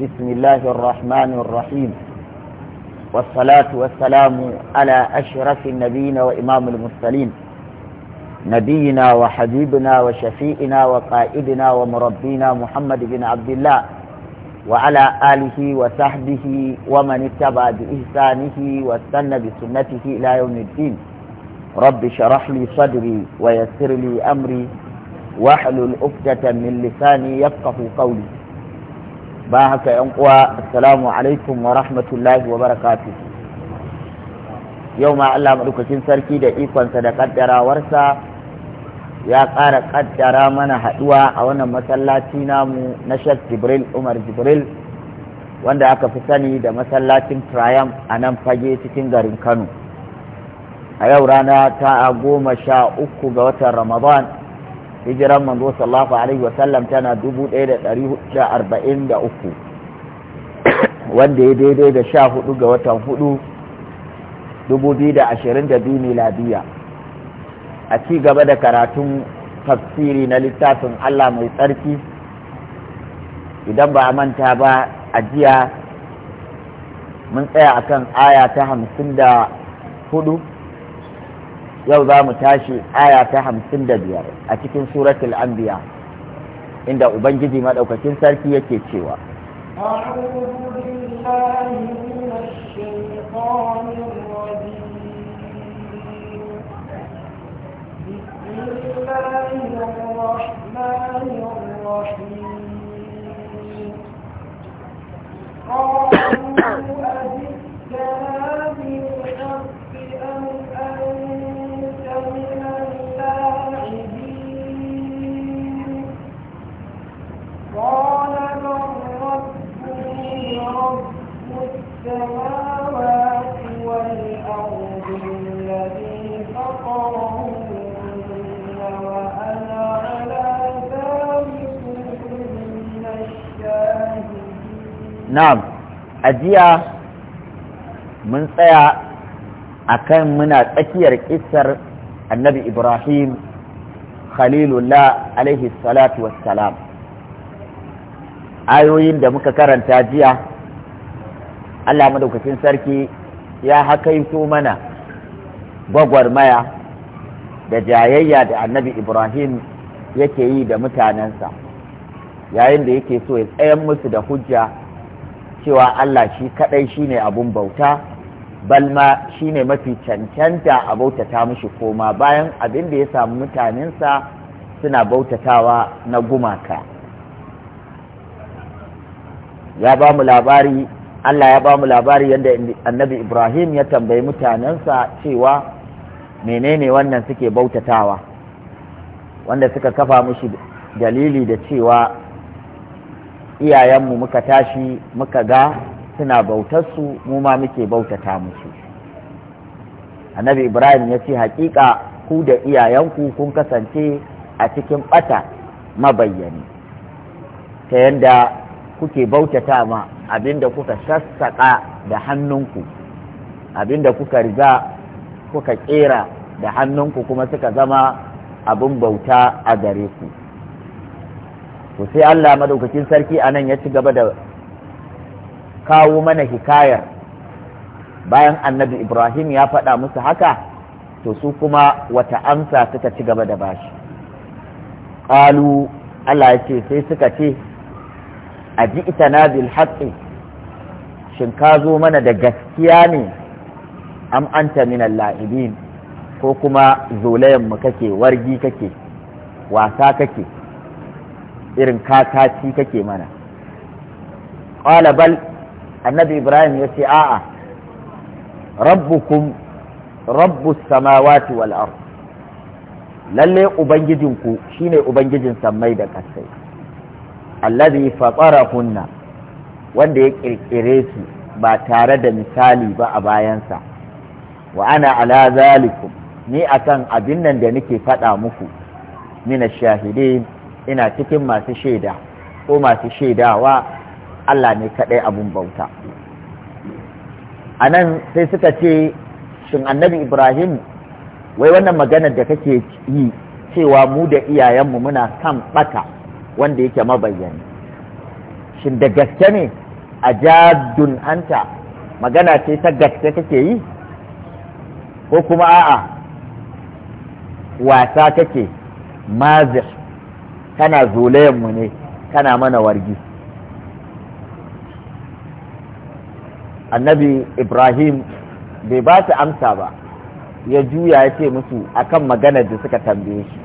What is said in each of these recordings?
بسم الله الرحمن الرحيم والصلاة والسلام على أشرف النبيين وإمام المرسلين نبينا وحبيبنا وشفيئنا وقائدنا ومربينا محمد بن عبد الله وعلى آله وصحبه ومن اتبع بإحسانه واستنى بسنته إلى يوم الدين رب شرح لي صدري ويسر لي أمري واحلل عقدة من لساني يفقه قولي ba haka yan uwa assalamu alaikum wa rahmatullahi wa barakatu yau ma Allah madaukakin sarki da ikonsa da kaddarawarsa ya ƙara kaddara mana haɗuwa a wannan masallaci namu na Sheikh Jibril Umar Jibril wanda aka fi sani da masallacin Triumph a nan fage cikin garin Kano a yau rana ta goma sha uku ga watan Ramadan hijiran manzo sallallahu alaihi sallam tana 1443 wanda ya daidai da 14 ga watan 4 2022 miladiya a ci gaba da karatun tafsiri na littafin Allah mai tsarki idan ba a manta ba a jiya mun tsaya akan aya ta 54 yau za mu tashi aya ta hamsin da biyar a cikin suratul anbiya inda ubangiji maɗaukakin sarki yake cewa قالوا na'am a jiya mun tsaya a kan muna tsakiyar kisar annabi ibrahim khalilullah alaihi salatu wassalam ayoyin da muka karanta jiya allah madaukakin sarki ya hakaito mana gwagwarmaya da jayayya da annabi ibrahim yake yi da mutanensa yayin da yake so ya tsayan musu da hujja cewa Allah shi kadai shine abun bauta balma shi ne mafi cancanta a bautata mushi koma bayan abin da ya samu mutanensa suna bautatawa na gumaka ya ba mu labari Allah ya ba mu labari yadda annabi Ibrahim ya tambayi mutanensa cewa menene wannan suke bautatawa wanda suka kafa mushi dalili da cewa iyayenmu muka tashi muka ga suna bautarsu mu ma muke bautata musu annabi ibrahim ya ce haƙiƙa ku da iyayenku kun kasance a cikin ɓata mabayyani ta yadda kuke bautata ma abinda kuka sassaƙa da hannunku abinda kuka riga kuka ƙera da hannunku kuma suka zama abin bauta a gare ku to sai Allah madaukakin sarki a nan ya ci gaba da kawo mana hikayar bayan annabi Ibrahim ya faɗa musu haka to su kuma wata amsa suka ci gaba da bashi ƙalu Allah ya ce sai suka ce a ji itana bil haƙƙi shin ka zo mana da gaskiya ne am anta min la'ibin ko kuma zolayen mu kake wargi kake wasa kake irin kakaci kake mana ƙwala bal annabi ibrahim ya ce a'a rabbukum rabbu samawati wal ard lalle ubangijinku shine ubangijin sammai da kasai allazi fatarahunna wanda ya ƙirƙire su ba tare da misali ba a bayansa wa ana ala zalikum ni akan abin nan da nake faɗa muku mina shahidin ina cikin masu shaida ko masu shaidawa Allah ne kaɗai abun bauta a nan sai suka ce shin annabi ibrahim wai wannan maganar da kake yi cewa mu da iyayenmu muna kan ɓata wanda yake mabayyani shin da gaske ne a jadun anta magana ce ta gaske kake yi ko kuma a'a wasa kake mazir kana mu ne kana mana wargi annabi ibrahim bai ba su amsa ba ya juya ya ce musu akan maganar da suka tambaye shi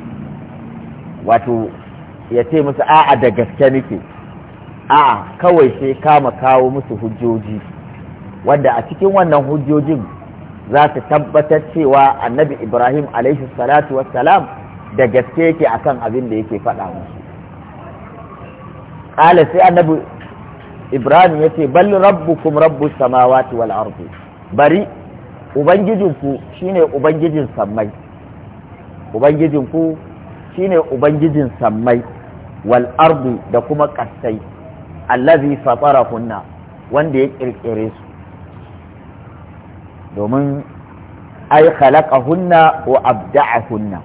wato ya ce musu a'a da gaske nake a'a kawai sai kama kawo musu hujjoji wanda a cikin wannan hujjojin za su tabbatar cewa annabi ibrahim alaihi salatu wassalam da gaske yake akan abin da yake faɗa musu ƙala sai annabi ibrahim ya rabbu bal rabbukum sama samawati wal ardi bari ubangijinku shine ubangijin sammai ubangijinku shine ubangijin sammai wal ardi da kuma kasai allazi fatarahunna wanda ya ƙirƙire su domin ai khalaqahunna wa abda'ahunna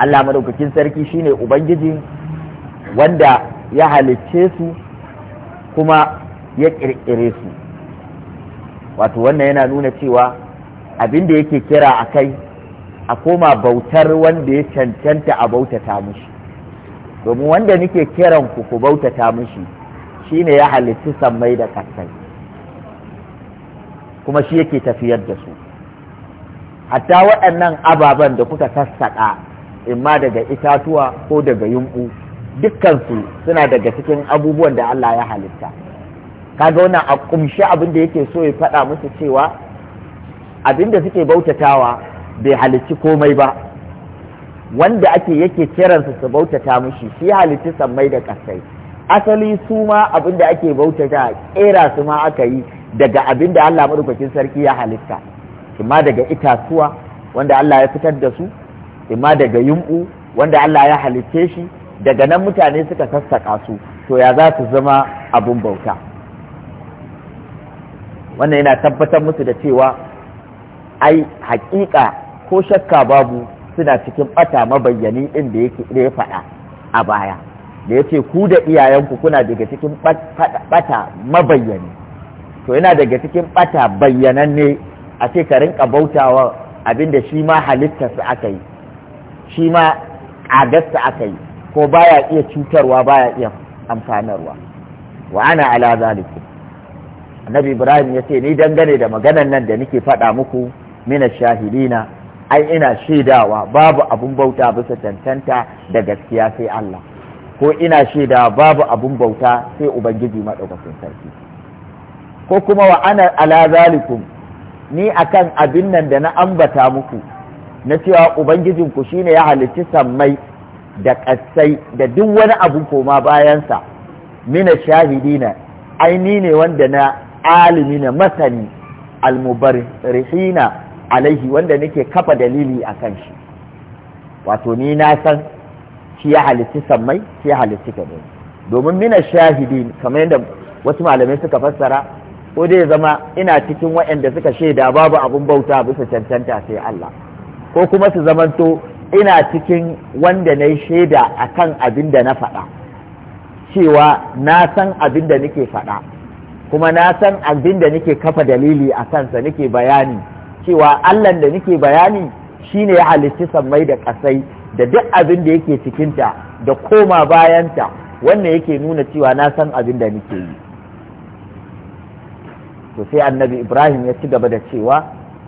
Allah madaukakin sarki shine ubangiji wanda ya halicce su kuma ya ƙirƙire su wato wannan yana nuna cewa abin da yake kira a kai a koma bautar wanda ya cancanta a bautata mushi domin wanda nake kiran ku ku bautata mushi shine ya halicci sammai da ƙasai kuma shi yake tafiyar da su hatta waɗannan ababen da kuka sassaƙa imma daga itatuwa ko daga yumbu dukkansu suna daga cikin abubuwan da Allah ya halitta kaga wannan a kumshi abin da yake so ya faɗa musu cewa abin da suke bautatawa bai halicci komai ba wanda ake yake kiransu su bautata mushi shi halitti sammai da ƙasai asali su ma abin da ake bautata ƙera su ma aka yi daga abin da Allah madaukakin sarki ya halitta kuma daga itatuwa wanda Allah ya fitar da su imma daga yumɓu wanda Allah ya halicce shi daga nan mutane suka sassaƙa su to ya za su zama abun bauta wannan yana tabbatar musu da cewa ai haƙiƙa ko shakka babu suna cikin ɓata mabayyani ɗin da ya faɗa a baya da ya ce ku da iyayenku kuna daga cikin ɓata mabayyani to yana daga cikin ɓata bayyananne a ce ka rinka bautawa abin da shi ma halittarsa aka yi shi ma ƙagarsa aka yi ko baya iya cutarwa baya iya amfanarwa wa ana ala zaliku annabi ibrahim ya ce ni dangane da maganan nan da nake faɗa muku mina shahidina ai ina shaidawa babu abun bauta bisa tantanta da gaskiya sai Allah ko ina shaidawa babu abun bauta sai ubangiji madaukakin sarki ko kuma wa ana ala zalikum ni akan abin nan da na ambata muku na cewa ubangijinku shine ya halicci sammai da ƙasai da duk wani abu koma bayansa mina shahidina aini ne wanda na alimi na masani almubarrihina alaihi wanda nake kafa dalili a kan shi wato ni na san shi ya halitti sammai shi ya halitti kaɗai domin mina shahidin kamar yadda wasu malamai suka fassara ko dai zama ina cikin waɗanda suka shaida babu abin bauta bisa cancanta sai Allah ko kuma su zamanto ina cikin wanda na yi shaida a kan abin da na faɗa cewa na san abin da nake faɗa kuma na san abin da nake kafa dalili a kansa nake bayani cewa allah da nake bayani shine ya halitti sammai da ƙasai da duk abin da yake cikinta da koma bayanta wannan yake nuna cewa na san abin da nake yi to sai annabi ibrahim ya ci gaba da cewa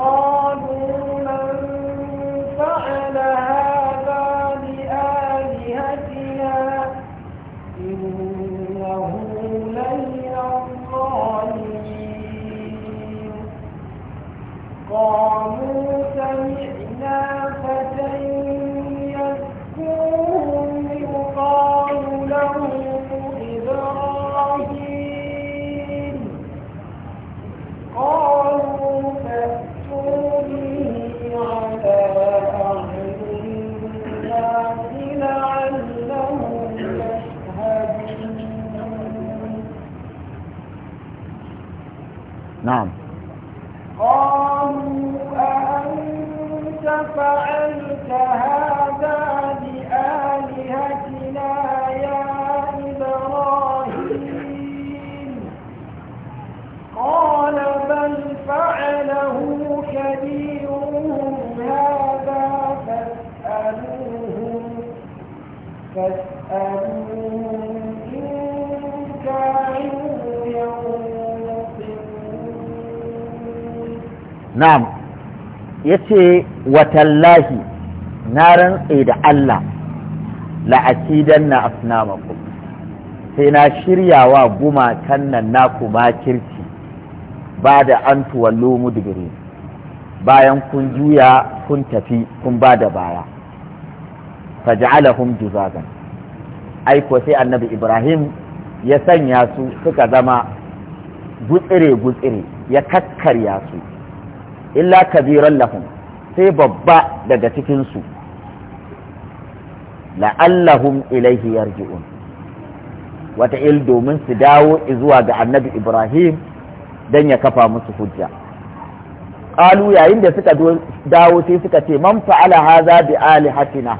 قالوا من فعل هذا بآلهتنا إنه لمن الظالمين قالوا سمعنا فتى نذيرهم هذا فاسألوهم فاسألوهم إن watallahi na rantse da Allah la'akidanna asnamakum sai na shiryawa gumakan nan naku makirci ba da an tuwallo mu digiri bayan kun juya kun tafi kun ba da baya faj'alahum juzazan aiko sai annabi ibrahim ya sanya su suka zama gutsire gutsire ya kakkarya su illa kabiran lahum sai babba daga cikin su la'allahum ilaihi yarji'un wata il domin su dawo zuwa ga annabi ibrahim don ya kafa musu hujja kalu yayin da suka dawo sai suka ce man fa'ala haza bi alihatina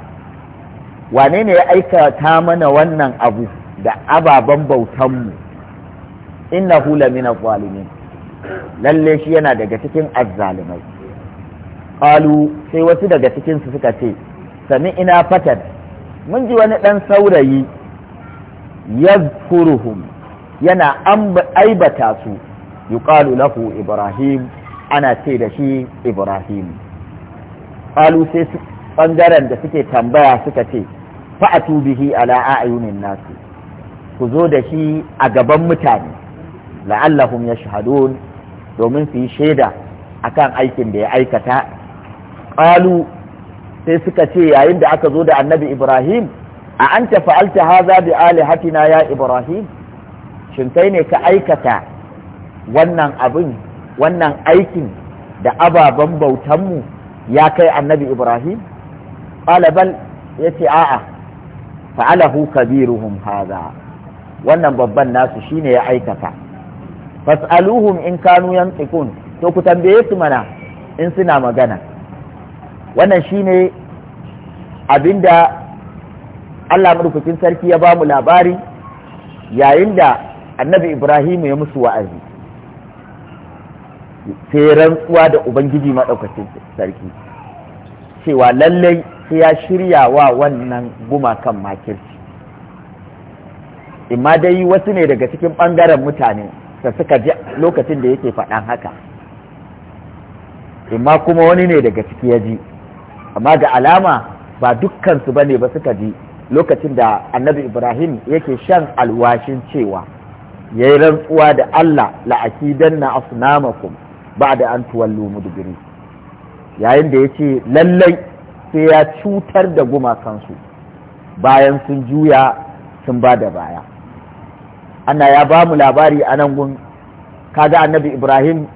wane ne ya aikata mana wannan abu da ababen bautan mu innahu lamina zalimin lalle shi yana daga cikin azzalimai kalu sai wasu daga cikin su suka ce sami ina fatan mun ji wani dan saurayi yazkuruhum yana aibata su yuqalu lahu ibrahim ana ce da shi ibrahim ƙalu sai ɓangaren da suke tambaya suka ce fa'atu bihi ala a'yunin nasu ku zo da shi a gaban mutane la'allahum yashhadun domin su yi shaida a kan aikin da ya aikata ƙalu sai suka ce yayin da aka zo da annabi ibrahim a anta fa'alta haza bi ali hatina ya ibrahim shin kai ne ka aikata wannan abin wannan aikin da ababen bautanmu ya kai annabi ibrahim bal ya ce a'a fa'alahu kabiruhum haza wannan babban nasu shine ya aikata fas'aluhum in kanu yantiqun to ku tambaye su mana in suna magana wannan shine abinda Allah madaukakin sarki ya ba mu labari yayin da annabi Ibrahim ya musu wa'azi sai rantsuwa da ubangiji maɗaukacin sarki cewa lallai sai ya shirya wa wannan gumakan makirci imma dai wasu ne daga cikin ɓangaren mutane da suka ji lokacin da yake faɗan haka Ima kuma wani ne daga ciki ya ji amma da alama ba dukkansu ba ne ba suka ji lokacin da annabi ibrahim yake shan alwashin cewa ya yi rantsuwa da allah la'akidan na asnamakum Ba da an tuwallu digiri. yayin da ya ce lallai sai ya cutar da gumakansu bayan sun juya sun ba da baya ana ya ba mu labari a nan gun kaga annabi ibrahim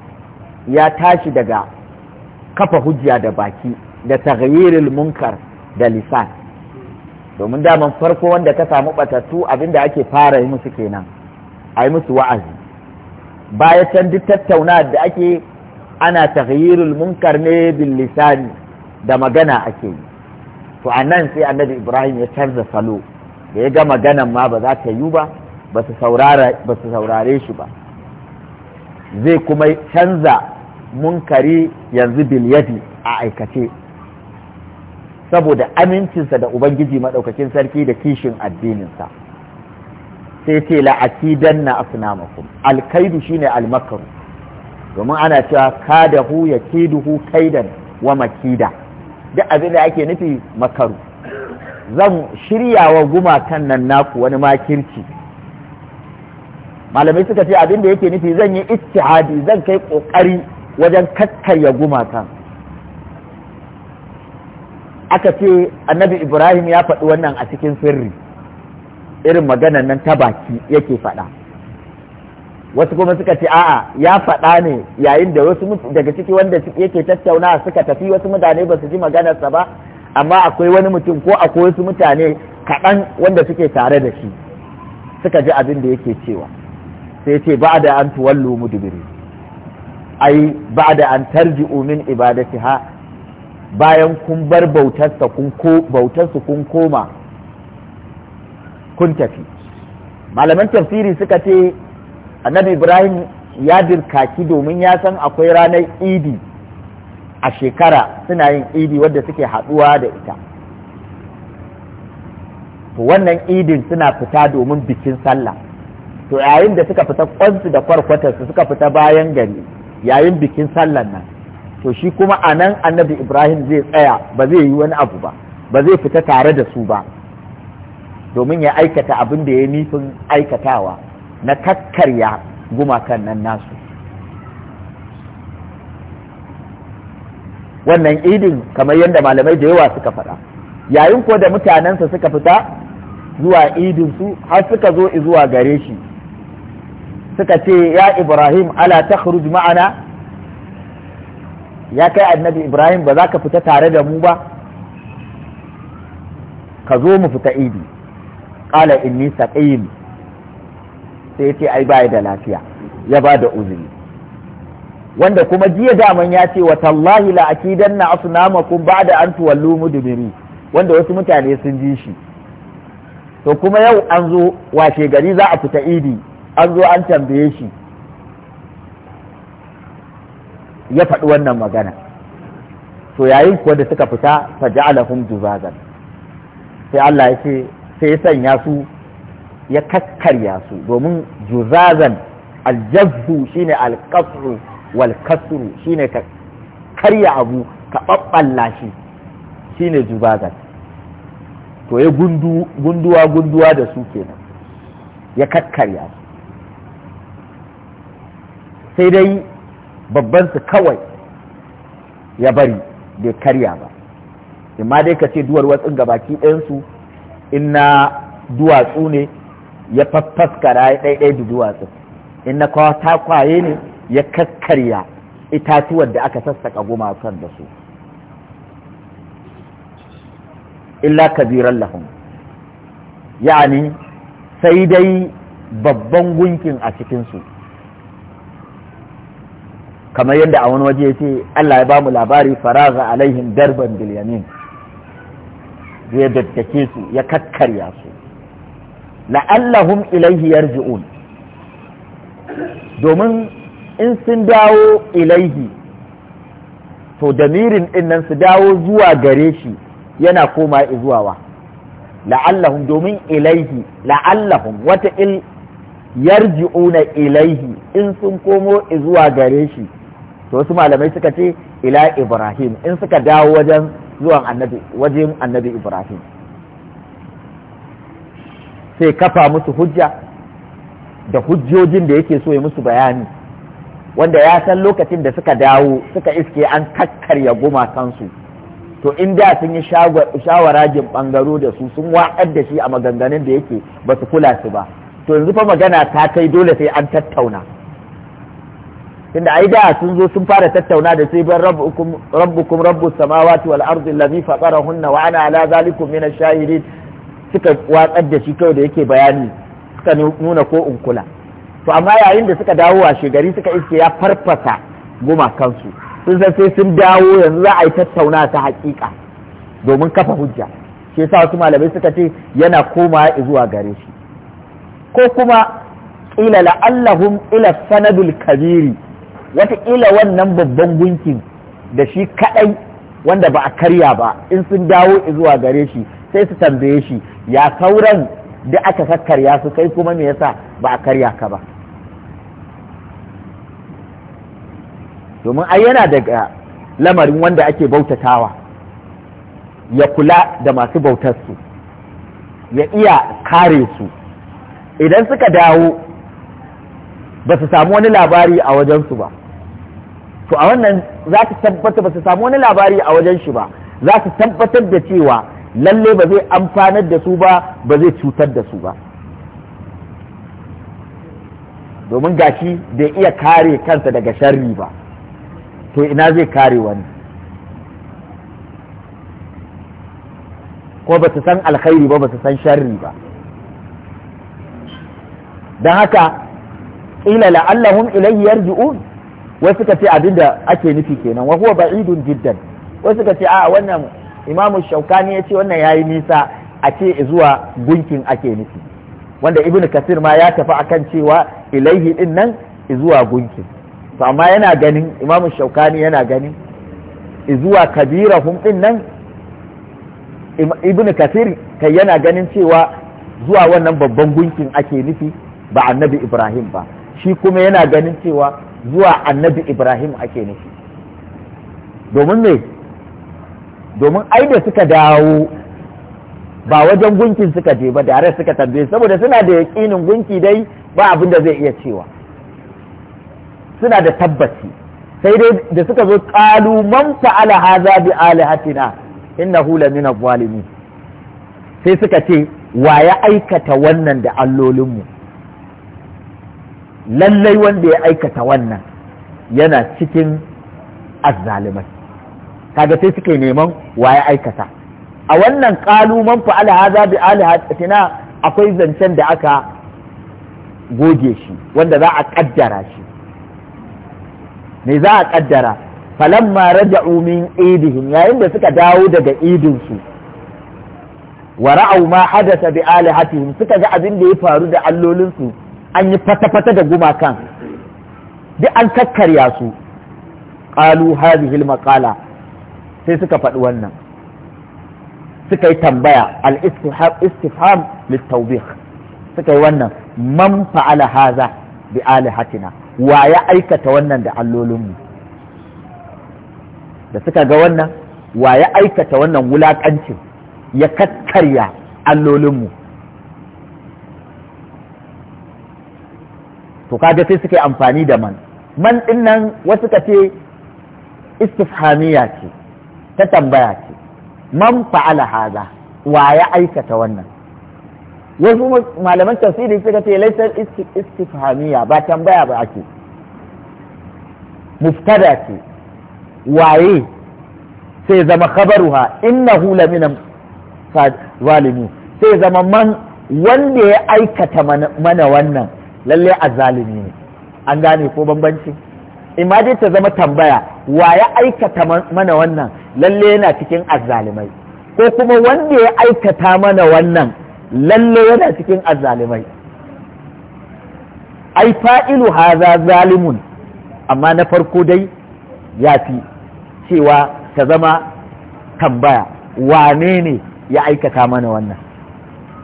ya tashi daga kafa hujja da baki da taghayyirul munkar da lisan domin daman farko wanda ka samu batattu abinda ake fara yi musu kenan a yi musu wa'azi baya can duk tattauna da ake ana taghyirul munkar ne bil lisani da magana ake yi to anan sai annabi ibrahim ya canza salo da ya ga maganan ma ba za ta yi ba ba su saurare shi ba zai kuma canza munkari yanzu yadi a aikace saboda amincinsa da ubangiji maɗaukakin sarki da kishin addininsa sai ce la'akidan na asnamakum alkaidu shine almakaru domin ana cewa kadahu ya kiduhu kaidan wa makida duk abin da ake nufi makaru zan shirya wa gumakan nan naku wani makirci malamai suka ce abin da yake nufi zan yi ittihadi zan kai kokari wajen kakkarya gumakan aka ce annabi ibrahim ya faɗi wannan a cikin sirri irin maganan nan ta baki yake faɗa wasu kuma suka ce a'a ya faɗa ne yayin da wasu daga ciki wanda yake tattauna suka tafi wasu mutane ba su ji maganarsa ba amma akwai wani mutum ko akwai wasu mutane kaɗan wanda suke tare da shi suka ji abin da yake cewa sai ce ba da an mu mudubiri ai ba da an tarji'u min ha bayan kun bar bautarsa kun kun koma kun tafi malaman tafsiri suka ce annabi ibrahim ya dirkaki domin ya san akwai ranar idi a shekara suna yin idi wadda suke haɗuwa da ita to wannan idin suna fita domin bikin sallah to yayin da suka fita kwansu da kwarkwatarsu suka fita bayan gari yayin bikin sallan nan to shi kuma a nan annabi ibrahim zai tsaya ba zai yi wani abu ba ba zai fita tare da su ba domin ya aikata abin da ya nifin aikatawa na kakkarya gumakan nan nasu wannan idin kamar yadda malamai da yawa suka faɗa yayin ko da mutanensa suka fita zuwa idinsu har suka zo zuwa gare shi suka ce ya ibrahim ala ta ma'ana ya kai annabi ibrahim ba za ka fita tare da mu ba ka zo mu fita idi qala inni saqim sai ce ai bai da lafiya ya ba da uzuri wanda kuma jiya daman ya ce wa tallahi la akidanna asnamakum ba'da an tuwallu mudbiri wanda wasu mutane sun ji shi to kuma yau an zo washe gari za a fita idi an zo an tambaye shi ya faɗi wannan magana to yayin kuwa da suka fita fa ja'alahum jubazan sai Allah ya ce sai ya sanya su ya kakkarya su domin juzazan aljazzu shine alqasru wal kasru shine ka karya abu ka babballa shi shine juzazan to ya gunduwa gunduwa da su kenan ya kakkarya su sai dai babban su kawai ya bari bai karya ba imma dai ka ce duwar watsin gabaki ɗayansu in na duwatsu ne ya faffaskara ya ɗaiɗai da duwatsu in na kwaye ne ya kakkarya itatuwar da aka sassaka gumakan da su illa kabiran lahun Ya'ani, sai dai babban gunkin a cikinsu kamar yadda a wani waje ya ce Allah ya ba mu labari faraza alaihim darban bilyamin ya daddake su ya kakkarya su la'allahum ilaihi yarji'un domin in sun dawo ilaihi to damirin din nan su dawo zuwa gare shi yana koma zuwa wa la'allahum domin ilaihi la'allahum wata il yarji'una ilaihi in sun komo zuwa gare shi to wasu malamai suka ce ila ibrahim in suka dawo wajen zuwan annabi wajen annabi ibrahim sai kafa musu hujja da hujjojin da yake so ya musu bayani wanda ya san lokacin da suka dawo suka iske an kakkarya gumakansu to in da sun yi shawarajin ɓangaro da su sun waɗar da shi a maganganun da yake ba su kula su ba to yanzu fa magana ta kai dole sai an tattauna tunda ai da sun zo sun fara tattauna da sai ban rabbukum rabbukum rabbus samawati wal ardi allazi faqarahunna wa ana ala zalikum min ash suka watsar da shi kawai da yake bayani suka nuna ko unkula to amma yayin da suka dawo washe gari suka iske ya farfasa gumakansu sun san sai sun dawo yanzu za a yi tattauna ta hakika domin kafa hujja shi yasa wasu malamai suka ce yana koma zuwa gare shi ko kuma ila la'allahum ila sanadul kabiri wataƙila wannan babban gunkin da shi kaɗai wanda ba a karya ba in sun dawo zuwa gare shi sai su tambaye shi ya sauran da aka kakkarya su kai kuma me yasa ba a karya ka ba domin ai yana daga lamarin wanda ake bautatawa ya kula da masu bautar su ya iya kare su idan suka dawo ba su samu wani labari a wajensu ba to a wannan za ta tabbata ba su samu wani labari a wajen shi ba za su tabbatar da cewa lalle ba zai amfanar da su ba ba zai cutar da su ba domin gashi bai iya kare kansa daga sharri ba to ina zai kare wani ko ba su san alkhairi ba ba su san sharri ba don haka ila la'allahum ilayhi yarji'un wasu suka ce abinda ake nufi kenan wa huwa ba'idun jiddan wasu suka ce a wannan imamu shaukani ya ce wannan yayi nisa a ce zuwa gunkin ake nufi wanda ibnu kasir ma ya tafi akan cewa ilaihi din nan zuwa gunkin to amma yana ganin imamu shaukani yana ganin zuwa kabirahum din nan ibnu kasir kai yana ganin cewa zuwa wannan babban gunkin ake nufi ba annabi ibrahim ba shi kuma yana ganin cewa zuwa annabi ibrahim ake nufi domin me domin ai da suka dawo ba wajen gunkin suka je ba da suka tambaye saboda suna da yaƙinin gunki dai ba abin da zai iya cewa suna da tabbaci sai dai da suka zo ƙalu man fa'ala za bi alihatina hula lamina zalimin sai suka ce wa ya aikata wannan da allolinmu lallai wanda ya aikata wannan yana cikin azzalimai kaga sai suke neman waye aikata a wannan ƙalu fa fa'ala bi alihatina akwai zancen da aka goge shi wanda za a kaddara shi me za a kaddara falamma raja'u min idihim yayin da suka dawo daga idin su wa ra'au ma hadatha bi alihatihim suka ga abin da ya faru da allolin su an yi fata-fata da gumakan duk an kakkarya su ƙalu hadhihi maqala sai suka faɗi wannan suka yi tambaya al-istifham littawbih suka yi wannan man fa'ala haza bi alihatina wa ya aikata wannan da allolinmu da suka ga wannan wa ya aikata wannan wulaƙancin ya kakkarya allolinmu to kaga sai suke amfani da man man din nan wasu ka ce istifhamiya ce ta tambaya ce man fa'ala haza wa ya aikata wannan wasu malaman tafsiri suka ce laisar istifhamiya ba tambaya ba ake muftada ce waye sai zama khabaruha innahu laminan zalimi sai zama man wanda ya aikata mana wannan lalle azzalimi ne an gane ko bambanci imma ta zama tambaya wa ya aikata mana wannan lalle yana cikin azzalimai ko kuma wanda ya aikata mana wannan lalle yana cikin azzalimai ai fa'ilu haza zalimun amma na farko dai ya fi cewa ta zama tambaya wane ne ya aikata mana wannan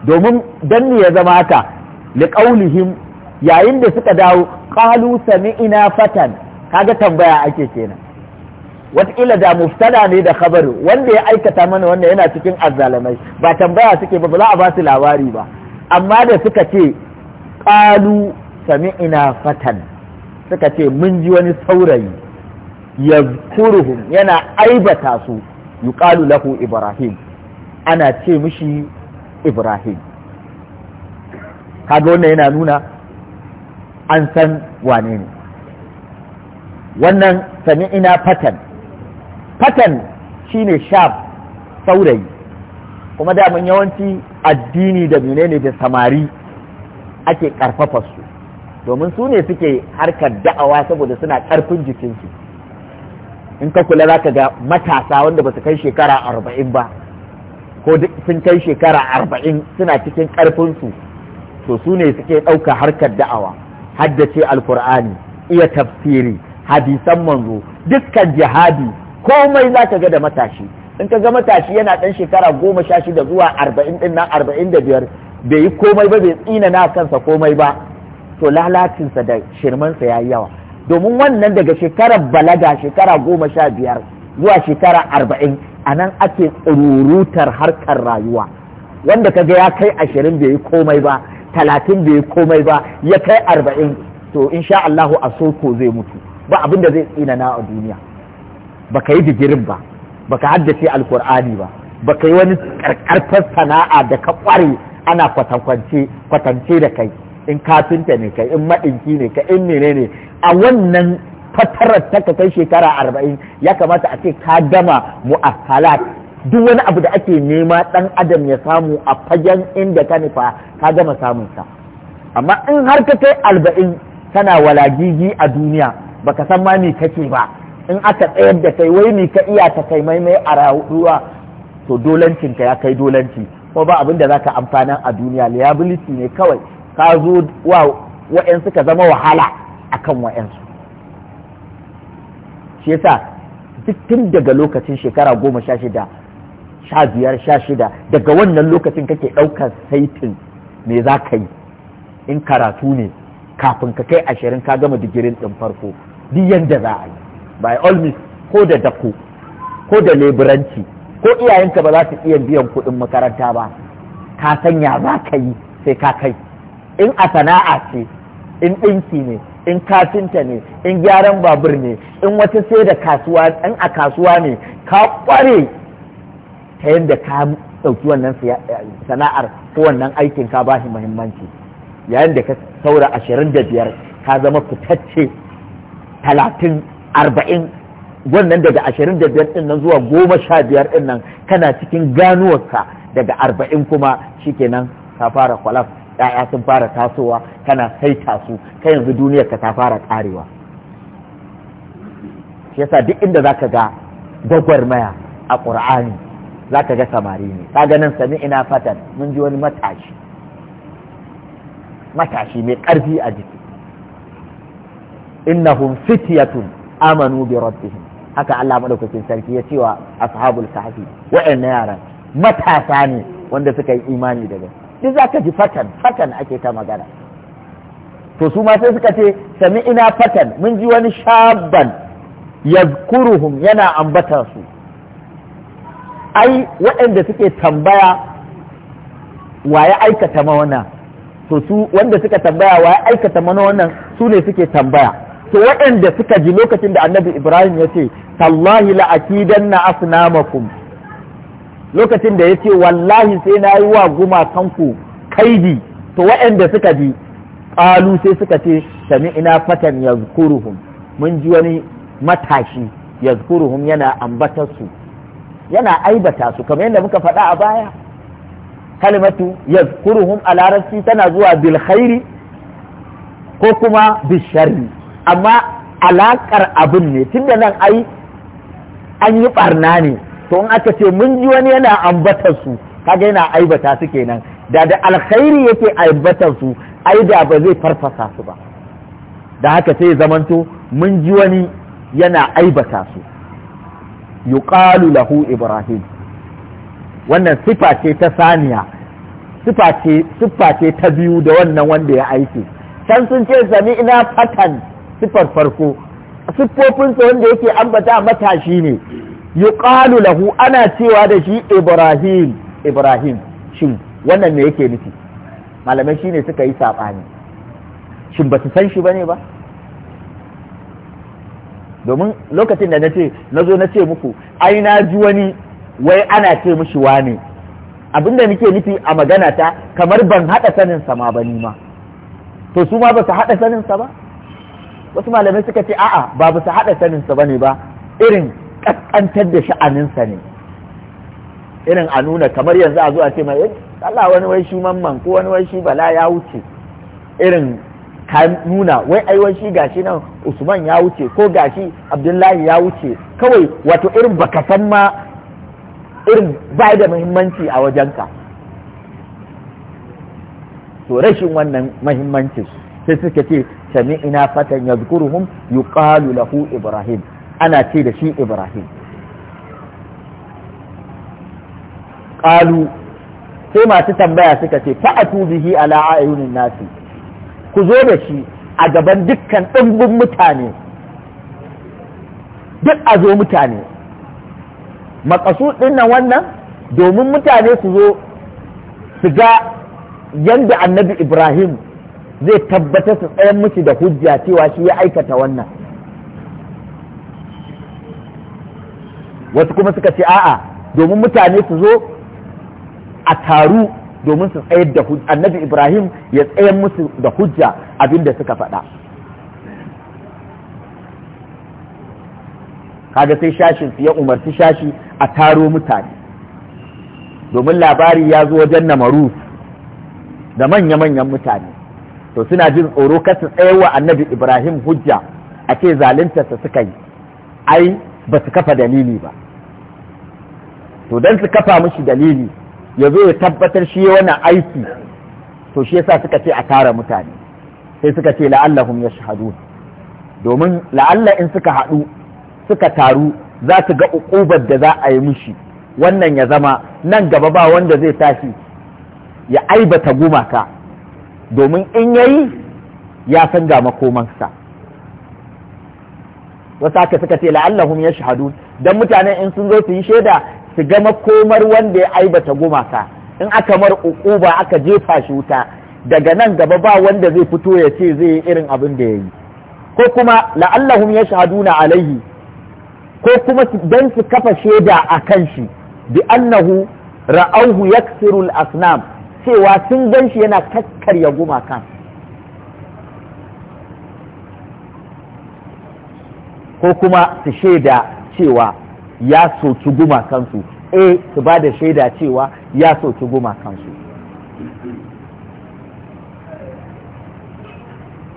domin dan ne ya zama haka liƙaulihim yayin da suka dawo qalu sami'na fatan kaga tambaya ake kenan wataƙila da muftada ne da khabari wanda ya aikata mana wanda yana cikin azzalamai ba tambaya suke ba ba za a ba su labari ba amma da suka ce qalu sami'na fatan suka ce mun ji wani saurayi yazkuruhum yana aibata su yuqalu lahu ibrahim ana ce mishi ibrahim kaga wannan yana nuna an san wane ne wannan ina fatan fatan shine shaf saurayi kuma daman yawanci addini da menene da samari ake karfafa su domin su ne suke harkar da'awa saboda suna karfin jikinsu in ka kula za ka ga matasa wanda ba su kai shekara arba'in ba ko sun kai shekara arba'in suna cikin karfinsu to su ne suke ɗauka harkar da'awa haddace alkur'ani iya tafsiri hadisan manzo dukkan jihadi komai za ka ga da matashi in ka ga matashi yana ɗan shekara goma sha shida zuwa arba'in ɗin nan arba'in da biyar bai yi komai ba bai tsina na kansa komai ba to lalacinsa da shirmansa ya yi yawa domin wannan daga shekarar balaga shekara goma sha biyar zuwa shekara arba'in a nan ake tsururutar harkar rayuwa wanda ka ga ya kai ashirin bai yi komai ba talatin bai komai ba ya kai arba'in to insha Allahu a soko zai mutu ba abin da zai tsina na a duniya ka yi digirin ba baka haddace alkur'ani ba ka yi wani karkarfar sana'a da ka kware ana kwatankwance kwatance da kai in kafinta ne kai in maɗinki ne kai in menene a wannan fatarar ta kai shekara arba'in ya kamata a ce ka gama mu'ahalat duk wani abu da ake nema ɗan adam ya samu a fagen inda ka nufa ka gama samun sa amma in har ka kai alba'in tana walagigi a duniya baka san ma me kake ba in aka tsayar da kai wai ni ka iya ta kai maimai a rayuwa to dolancin ka ya kai dolanci ko ba abin da zaka amfana a duniya liability ne kawai ka zo wa wa'yansu ka zama wahala akan wa'yansu shi yasa duk tun daga lokacin shekara goma sha shida sha biyar sha shida daga wannan lokacin kake ɗaukar saitin me za ka yi in karatu ne kafin ka kai ashirin ka gama digirin ɗin farko duk yadda za a yi by all means ko da dako ko da leburanci ko iyayenka ba za su iya biyan kuɗin makaranta ba ka sanya za ka yi sai ka kai in a sana'a ce in ɗinki ne in kafinta ne in gyaran babur ne in wata sai da kasuwa in a kasuwa ne ka ƙware ta yadda ka ɗauki wannan eh, sana'ar ko wannan aikin ka ba shi muhimmanci yayin da ka saura ashirin da biyar ka zama fitacce talatin arba'in wannan daga ashirin da biyar ɗin nan zuwa goma sha biyar ɗin nan kana cikin ganuwarka daga arba'in kuma shikenan ka fara kwalaf ya'ya sun fara tasowa kana saita su ka yanzu duniyar ka ta fara karewa shi yasa duk inda za ka ga gwagwarmaya a ƙur'ani za ka ga samari ne kaga nan sami ina fatan mun ji wani matashi matashi mai ƙarfi a jiki innahum fityatun amanu bi rabbihim haka Allah madaukakin sarki ya cewa ashabul kahfi wa'anna yaran matasa ne wanda suka yi imani daga duk zaka ji fatan fatan ake ta magana to su ma sai suka ce sami ina fatan mun ji wani shabban yazkuruhum yana ambata su ai waɗanda suke tambaya wa ya aikata mawana to su wanda suka tambaya wa ya aikata mana wannan su ne suke tambaya to waɗanda suka ji lokacin da annabi ibrahim ya ce tallahi la akidanna asnamakum lokacin da ya ce wallahi sai na yi wa gumakanku kaidi to waɗanda suka ji ƙalu sai suka ce sami ina fatan yazkuruhum mun ji wani matashi yazkuruhum yana ambatar su yana aibata su kamar yadda muka faɗa a baya kalimatu yazkuruhum a larabci tana zuwa bil ko kuma bil amma alaƙar abin ne tunda nan ai an yi barna ne to in aka ce mun ji wani yana ambatar su kaga yana aibata su kenan da da alkhairi yake aibatar su ai da ba zai farfasa su ba da haka sai zamanto mun ji wani yana aibata su yuqalu lahu ibrahim wannan sifa ce ta saniya sifa ce ta biyu da wannan wanda ya aiki san sun ce zami ina fatan sifar farko siffofinsa wanda yake ambata matashi ne yuqalu lahu ana cewa da shi ibrahim ibrahim shin wannan me yake nufi malamai shine suka yi saɓani shin ba su san shi bane ba domin lokacin da na ce na zo na ce muku ai na ji wani wai ana ce mushi wane abinda nake nufi a magana ta kamar ban haɗa sanin ma ba ni ma to su ma ba su haɗa sanin sa ba wasu malamai suka ce a'a ba ba su haɗa sanin sa bane ba irin kaskantar da sha'anin sa ne irin a nuna kamar yanzu a zo a ce mai eh, Allah wani wai shi mamman ko wani wai shi bala ya wuce irin ka nuna wai aiwan shi gashi nan usman ya wuce ko gashi abdullahi ya wuce kawai wato irin baka san ma irin ba da muhimmanci a wajenka to rashin wannan muhimmancin sai suka ce sami ina fatan yazkuruhum yuqalu lahu ibrahim ana ce da shi ibrahim qalu sai masu tambaya suka ce fa'atu bihi ala ayunin nasi ku zo da shi a gaban dukkan ɗumbin mutane duk a zo mutane makasu ɗinnan wannan domin mutane su zo su ga yadda annabi ibrahim zai tabbatar su tsayan miki da hujja cewa shi ya aikata wannan wasu kuma suka ce a'a domin mutane su zo a taru domin su tsayar da annabi ibrahim ya tsayar musu da hujja abinda suka faɗa kaga sai shashin ya umarci shashi a taro mutane domin labari ya zo wajen na namaru da manya-manyan mutane to suna jin tsoro kasu wa annabi ibrahim hujja a ce zaluntarsa suka yi ai ba su kafa dalili ba to don su kafa mushi dalili ya zo ya tabbatar shi ya wani aiki to shi yasa suka ce a tara mutane sai suka ce la'allahum shahadu domin la'alla in suka haɗu suka taru za su ga uƙubar da za a yi mushi wannan ya zama nan gaba ba wanda zai tashi ya aibata gumaka domin in yayi ya san ga makomansa wasu haka suka ce la'allahum shahadu don mutane in sun zo su yi shaida su gama komar wanda ya aibata gumaka in aka mar ukuba aka jefa shi wuta daga nan gaba ba wanda zai fito ya ce zai yi irin abin da ya yi ko kuma la'allahum na alaihi ko kuma don su kafa shaida a kan shi bi annahu ra'auhu ya asnam cewa sun gan shi yana kakkarya gumakan ko kuma su shaida cewa ya soki gumakansu A su ba da shaida cewa ya soki gumakansu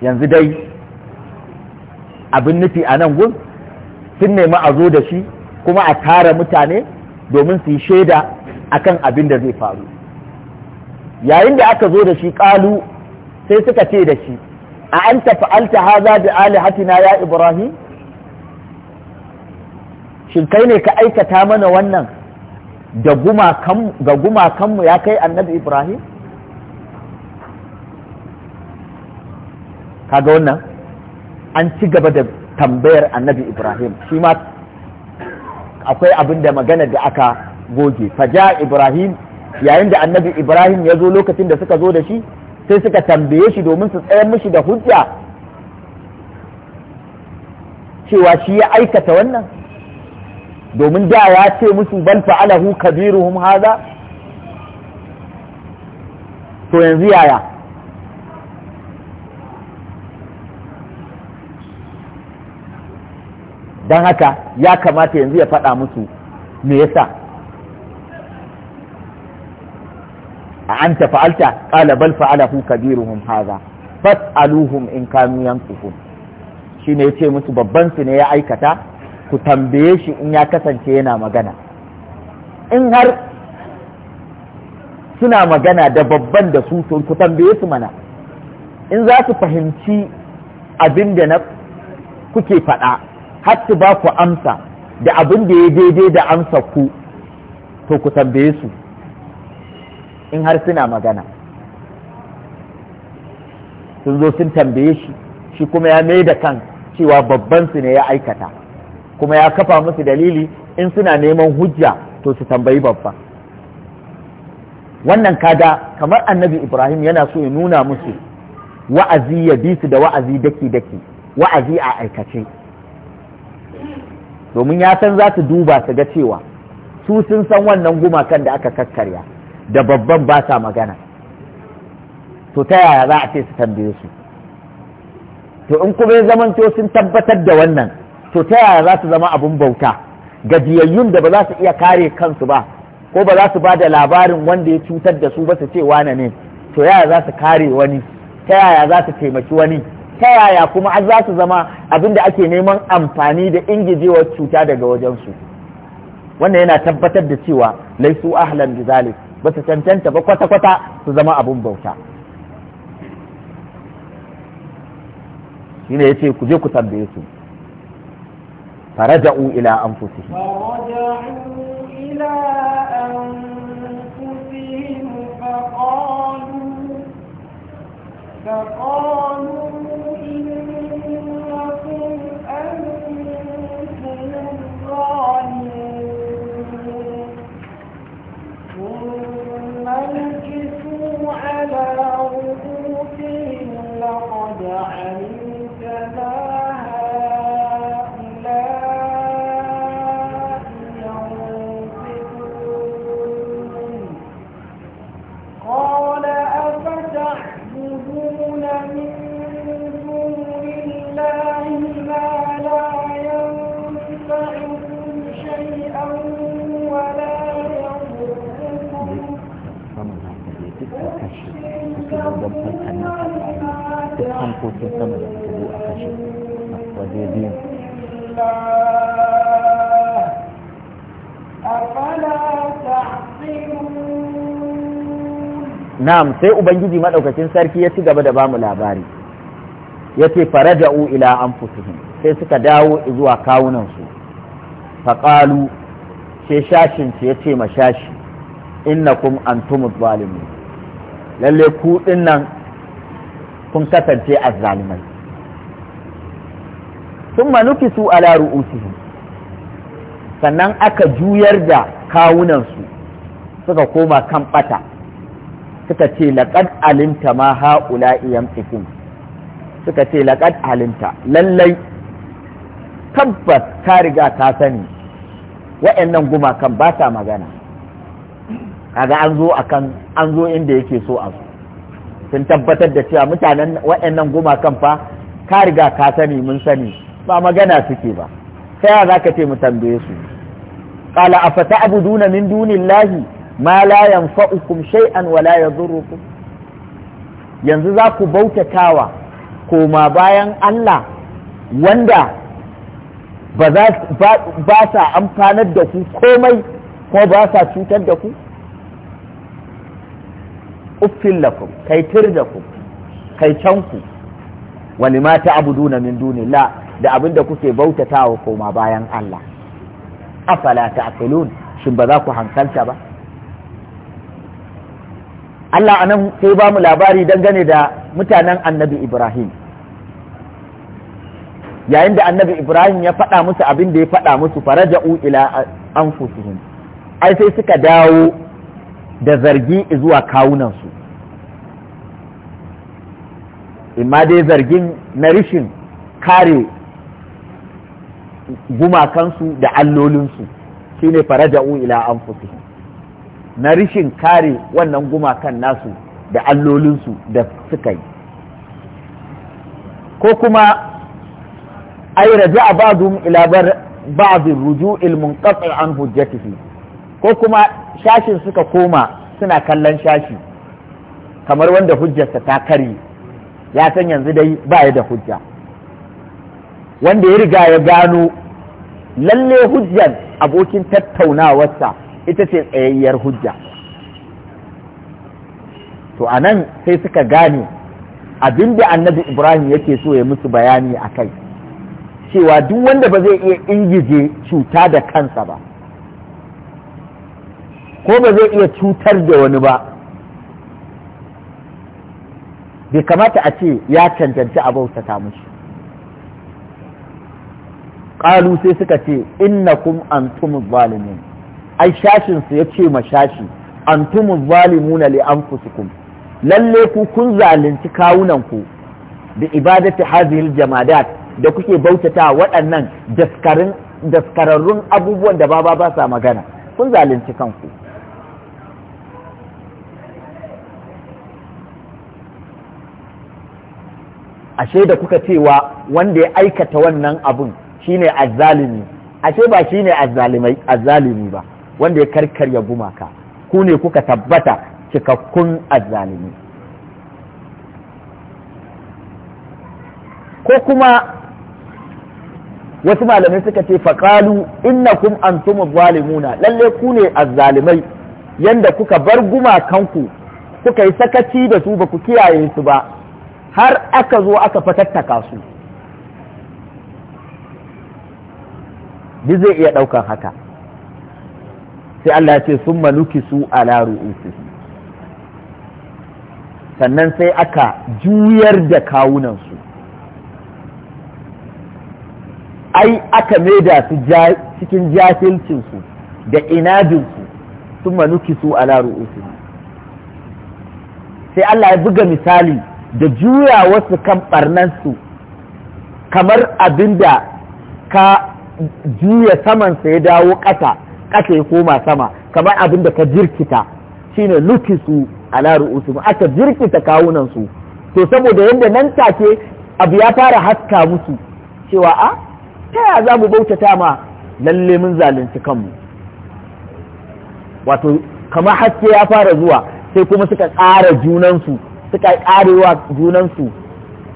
yanzu dai abin nufi a nan gun sun nemi a zo da shi kuma a tara mutane domin su yi shaida akan abin da zai faru yayin da aka zo da shi kalu sai suka ce da shi a an tafi alta haza da alihatina ya ibrahim shin kai ne ka aikata mana wannan da gumakanmu ya kai annabi ibrahim kaga wannan an ci gaba da tambayar annabi ibrahim shi ma akwai abin da magana da aka goge faja ibrahim yayin da annabi ibrahim ya zo lokacin da suka zo da shi sai suka tambaye shi domin su tsayar mishi da hujja cewa shi ya aikata wannan domin da ya ce musu bal fa'alahu kabiruhum haza to yanzu yaya don haka ya kamata yanzu ya faɗa musu me yasa a an fa'alta ƙala bal fa'alahu kabiruhum haza fas'aluhum in kanu yankuhum shi ne ya ce musu babban su ne ya aikata ku tambaye shi in ya kasance yana magana in har suna magana da babban da su to ku tambaye su mana in za su fahimci abin da na kuke faɗa har su ba ku amsa da abin da ya daidai da amsa ku to ku tambaye su in har suna magana sun zo sun tambaye shi shi kuma ya mai da kan cewa babban su ne ya aikata kuma ya kafa musu dalili in suna neman hujja to su tambayi babba wannan kaga kamar annabi ibrahim yana so ya nuna musu wa'azi ya bi su da wa'azi daki daki wa'azi a aikace domin ya san za su duba su ga cewa su sun san wannan gumakan da aka kakkarya da babban ba sa magana to ta yaya za a ce su tambaye su to in kuma ya zamanto sun tabbatar da wannan to ta yaya za su zama abin bauta gajiyayyun da ba za su iya kare kansu ba ko ba za su ba da labarin wanda ya cutar da su ba su ce wane ne to yaya za su kare wani ta yaya za su taimaki wani ta yaya kuma an za su zama abin da ake neman amfani da ingijewar cuta daga wajensu wannan yana tabbatar da cewa laisu ahlan bizalik ba su cancanta ba kwata-kwata su zama abin bauta shine yace ku je ku tambaye su فرجعوا إلى أنفسهم فرجعوا إلى أنفسهم فقالوا فقالوا إنكم أنتم ثم على رؤوسهم لقد علمت ما duk hankokin sama da suka zo a kashe waje biyu Na'am sai Ubangiji maɗaukacin sarki ya ci gaba da bamu labari ya ce faraja'u ila anfusihim sai suka dawo zuwa kawunansu faƙalu sai shashin ya ce ma shashi innakum antumuz zalimun lalle ku dinnan Kun kasance a zalimai sun manufi su ala ru'usihim sannan aka juyar da kawunansu suka koma kan bata suka ce laƙad alinta ma haula iyam suka ce laƙad alinta lallai tabbas ta riga ta sani wa'annan gumakan ba ta magana kaga an zo akan an zo inda yake so a su sun tabbatar da cewa mutanen waɗannan gumakan fa ka riga ka sani mun sani ba magana suke ba sai ya za ka ce mu tambaye su qala afata duna min dunillahi ma la yanfa'ukum shay'an wa la yadhurrukum yanzu za ku bautatawa koma bayan Allah wanda ba sa amfanar da ku komai ko ba sa cutar da ku uffin lakum kai tir da ku kai can ku wani ma ta abuduna min la da abin da kuke bautatawa koma bayan Allah afala ta'qilun shin ba za ku hankalta ba Allah anan sai ba mu labari dangane da mutanen annabi Ibrahim yayin da annabi Ibrahim ya faɗa musu abin da ya faɗa musu faraja'u ila anfusihim ai sai suka dawo da zargi zuwa kawunansu imma dai zargin na rishin kare gumakansu da allolinsu shine faraja'u ila an na rishin kare wannan gumakan nasu da allolinsu da suka yi ko kuma ai raja'a ba'dhum ila ba'd ruju'il munqati an hujjatihi ko kuma shashin suka koma suna kallon shashi kamar wanda hujjarsa ta kare ya san yanzu dai ba ya da hujja wanda ya riga ya gano lalle hujjar abokin tattaunawarsa ita ce tsayayyar hujja to a nan sai suka gane abin da annabi ibrahim yake so ya musu bayani a kai cewa duk wanda ba zai iya ingije cuta da kansa ba ko ba zai iya cutar da wani ba bai kamata a ce ya cancanci a bautata mushi ƙalu sai suka ce an tumu zalimin ai shashinsu ya ce ma shashi antum na li fusukun lalle ku kun zalunci kawunanku da ibadati hadhihi jamadat da kuke bautata waɗannan daskararrun abubuwan da ba ba sa magana kun zalunci kanku ashe da kuka cewa wanda ya aikata wannan abun shine azzalimi ashe ba shine azzalimai azzalimi ba wanda ya karkarya gumaka ku ne kuka tabbata cikakkun azzalimi ko kuma wasu malamai suka ce faƙalu innakum antum zalimuna lalle ku ne azzalimai yanda kuka bar gumakanku kuka yi sakaci da su ba ku kiyaye su ba har aka zo aka fatattaka su ni zai iya ɗaukan haka sai Allah ce sun maluki su a ru'usihi sannan sai aka juyar da kawunansu ai aka maida su cikin jahilcinsu da inajinsu sun maluki su a ru'usihi sai Allah ya buga misali da juya wasu kan ɓarnansu kamar abinda ka juya samansa ya dawo ƙasa ƙasa ya koma sama kamar abinda ka jirkita shine lukisu a ru'usu aka jirkita kawunansu to saboda yadda nan take abu ya fara haska musu cewa a ah, ta yaya za mu bautata ma lalle mun zalunci kanmu wato kamar haske ya fara zuwa sai kuma suka ƙara junansu suka karewa junansu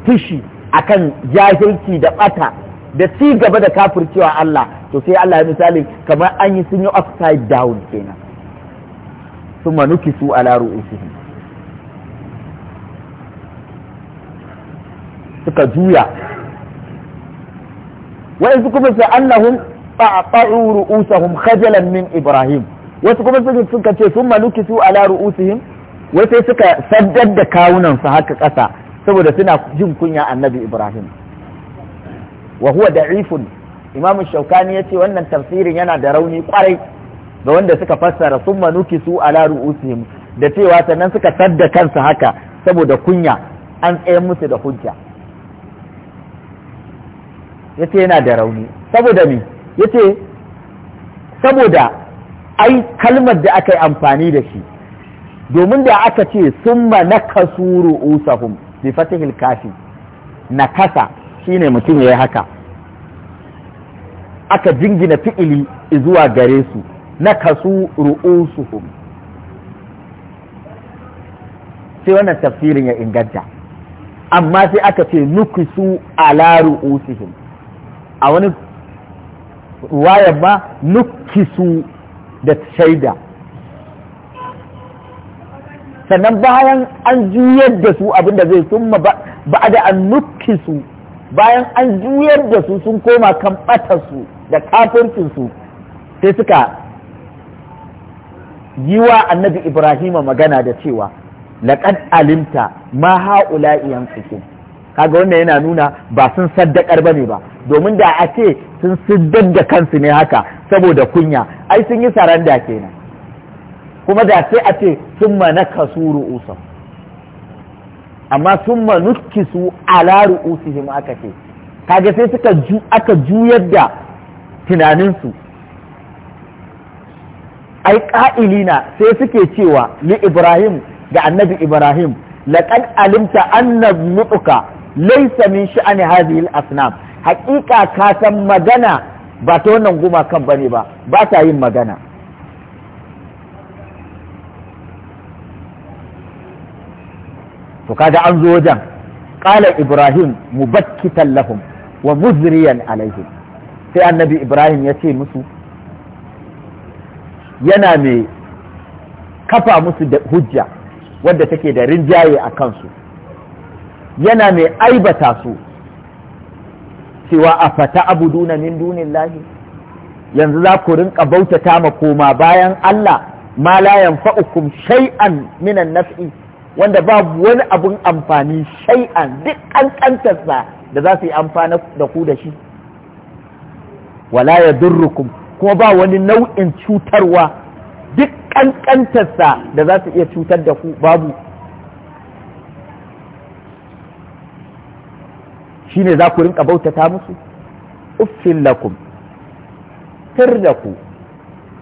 fushi akan jahilci da bata da ci gaba da kafircewa Allah to sai Allah ya misali kamar an yi sun yi upside down kenan sun manuki su ala ru'usihim suka juya wa'insu kuma sai annahum ta'ta'u ru'usahum khajalan min ibrahim wasu kuma suka ce sun manuki su ala ru'usihim wai sai suka saddar da kawunan su haka ƙasa saboda suna jin kunya annabi ibrahim wa huwa da'ifun imamu shaukani ya ce wannan tafsirin yana da rauni kwarai ga wanda suka fassara sun manuki su ala ru'usihim da cewa sannan suka sadda kansu haka saboda kunya an tsaye musu da hujja ya ce yana da rauni saboda me ya ce saboda ai kalmar da aka yi amfani da shi domin da aka ce summa nakasu ru'usahum bi fatihil kafi nakasa shine mutum ya yi haka aka jingina fi'ili zuwa gare su nakasu ru'usuhum sai wannan tafsirin ya inganta amma sai aka ce nukisu ala ru'usihim a wani ruwayar ma nukisu da shaida sannan bayan an juyar da su abin da zai sun ba da an nuki su bayan an juyar da su sun koma kan su da kafircinsu sai suka yi wa annabi Ibrahim magana da cewa laƙad alimta ma ha'ula iyan kaga wannan yana nuna ba sun saddakar ne ba domin da a ce sun siddar da kansu ne haka saboda kunya ai sun yi saranda kenan kuma da sai a ce summa na kasu ru'usan amma summa nutkisu ala ru'usihim aka ce kaga sai suka aka juyar da tunaninsu ai ƙa'ilina sai suke cewa ni ibrahim ga annabi ibrahim laqad alimta anna nutuka laysa min sha'ani hadhihi al-asnam Hakika ka san magana ba ta wannan gumakan bane ba ba ta yin magana to kaga an zo wajen qala ibrahim mubakkitan lahum wa muzriyan alaihim sai annabi ibrahim ya ce musu yana mai kafa musu da hujja wadda take da rinjaye a kansu yana mai aibata su cewa a fata abuduna min dunin lahi yanzu za ku rinka bautata ma koma bayan Allah ma la yanfa'ukum shay'an minan naf'i wanda babu wani abun amfani shai'an duk kankantarsa da za su yi amfana da ku da shi wala ya durrukum kuma ba wani nau'in cutarwa duk kankantarsa da za su iya cutar da ku babu shi ne za ku rinka bautata musu uffin lakum tir da ku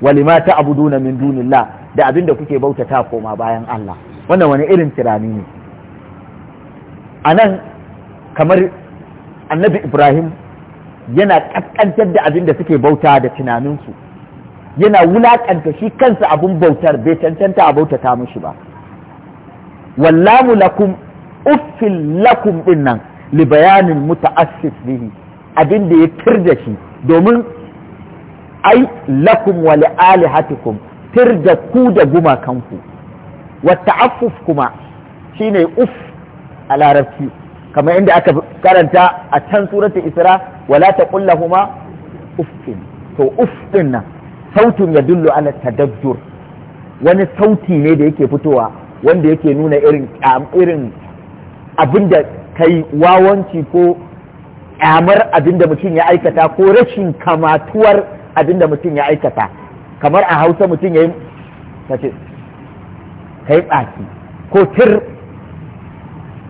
walima ta duna min dunillah da abin da kuke bautata koma bayan Allah wannan wani irin tunani ne a nan kamar annabi ibrahim yana ƙasƙantar da abin da suke bauta da tunaninsu yana wulaƙanta shi kansa abin bautar bai cancanta a bautata mashi ba wallamu lakum uffin lakum din nan li bayanin muta'assif bihi abin da ya tir da shi domin ai lakum wa li tir da ku da gumakanku afuf والتعفف كما شيني أف على ربتي كما عند كرنت أتن سورة إسراء ولا تقل لهما أف تو أف إن صوت يدل على التدبر wani sauti ne da yake fitowa wanda yake nuna irin irin abinda kai wawanci ko kyamar abinda mutum ya aikata ko rashin kamatuwar abinda mutum ya aikata kamar a hausa mutum ya yi ka yi tsaki ko tir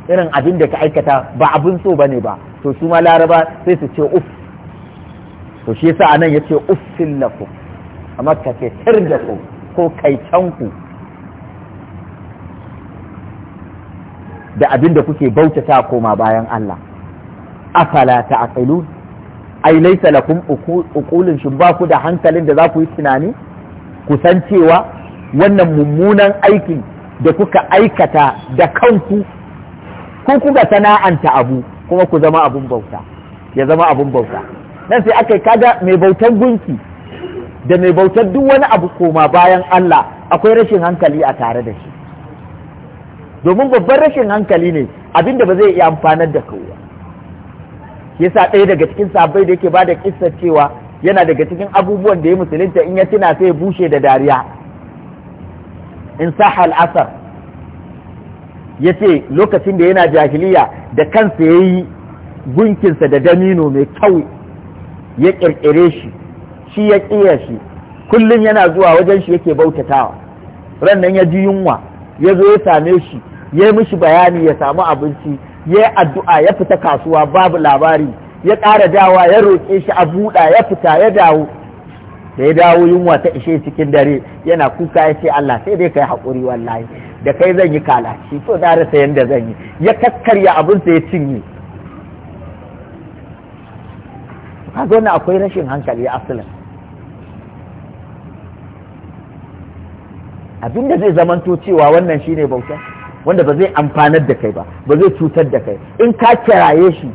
irin abin da ka aikata ba abin so ne ba to su ma laraba sai su ce uf to shi yasa anan ya yace uffin ku amma ka ce tir da ku ko kai ku da abin da kuke bautata koma bayan Allah afala ta'qilun ai laisa lakum uqulun shin ba ku da hankalin da za ku yi tunani ku cewa wannan mummunan aikin da kuka aikata da kanku ku kuka sana'anta abu kuma ku zama abun bauta ya zama abun bauta nan sai aka kaga mai bautan gunki da mai bautar duk wani abu koma bayan Allah akwai rashin hankali a tare da shi domin babban rashin hankali ne abinda ba zai iya amfanar da kowa yasa ɗaya daga cikin sabai da yake bada kissa cewa yana daga cikin abubuwan da ya musulunta in ya tuna sai ya bushe da dariya in saha sahal ya ce lokacin da yana jahiliya da kansa ya yi gunkinsa da damino mai kyau ya kirkire shi shi ya kiya shi kullum yana zuwa wajen shi yake bautatawa ran nan ya ji yunwa ya zo ya same shi ya yi mishi bayani ya samu abinci ya yi addu'a ya fita kasuwa babu labari ya ƙara dawa ya roƙe shi a buɗa ya fita ya dawo da ya dawo yunwa ta ishe cikin dare yana kuka ya ce Allah sai dai kai haƙuri wallahi da kai zan yi kalashi so da rasa yadda zan yi ya kakkarya abin sa ya cinye ka na akwai rashin hankali asalin abin da zai zamanto cewa wannan shine bauta wanda ba zai amfanar da kai ba ba zai cutar da kai in ka kiraye shi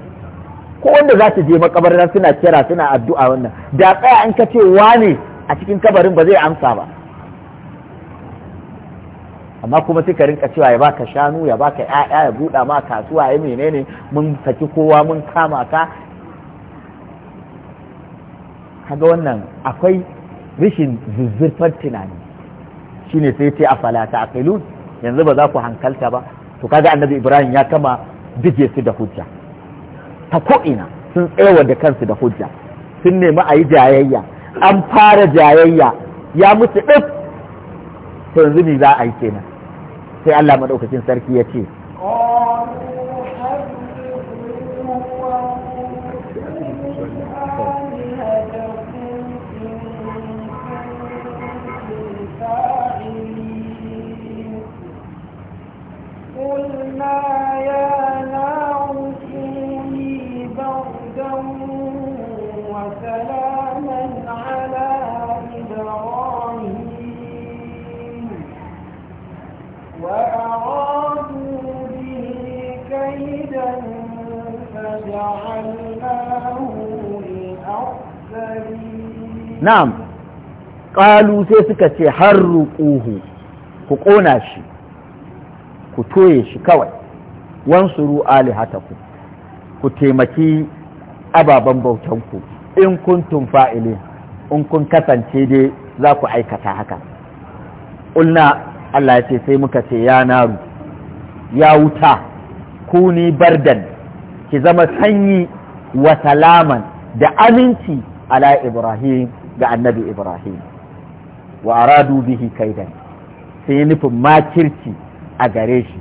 ko wanda za su je makabarin suna kira suna addu'a wannan da tsaya an ka ce wane a cikin kabarin ba zai amsa ba amma kuma suka rinka cewa ya baka shanu ya baka ƴaƴa ya buɗa ma kasuwa ya menene mun saki kowa mun kama ka kaga wannan akwai rishin zuzzurfar tunani shine sai ce a falata a yanzu ba za ku hankalta ba to kaga annabi ibrahim ya kama bige su da hujja ta ko'ina sun tsewa da kansu da hujja sun nemi a yi jayayya an fara jayayya ya mutu ɗin Ta yanzu ne za a yi kenan sai Allah maɗaukacin sarki ya ce na'am ƙalu sai suka ce har ruƙuhu ku ƙona shi ku toye shi kawai wansuru hataku ku taimaki ababen bautanku in kuntum fa'ili in kun kasance dai za ku aikata haka ƙulna Allah ya ce sai muka ce ya naru ya wuta ku ni bardan ki zama sanyi wa salaman da aminci ala ibrahim ga annabi ibrahim wa aradu bihi kaidan sai nufin makirci a gare shi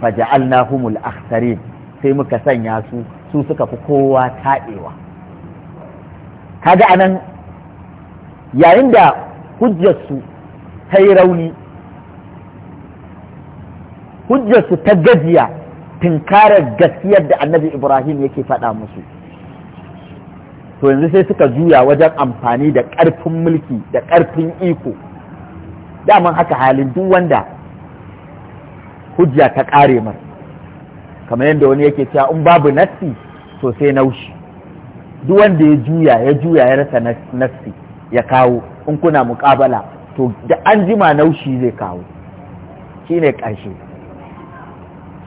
faja'alnahumul akhsarin sai muka sanya su su suka fi kowa taɗewa kaga anan yayin da hujjarsu ta yi rauni hujjarsu ta gajiya tunkarar gaskiyar da annabi ibrahim yake faɗa musu to yanzu sai suka juya wajen amfani da ƙarfin mulki da ƙarfin iko daman haka halin duk wanda hujja ta ƙare mar kamar yadda wani yake cewa in babu nassi to sai naushi duk wanda ya juya ya juya ya rasa nassi ya kawo in kuna muƙabala to da an jima naushi zai kawo shine ƙarshe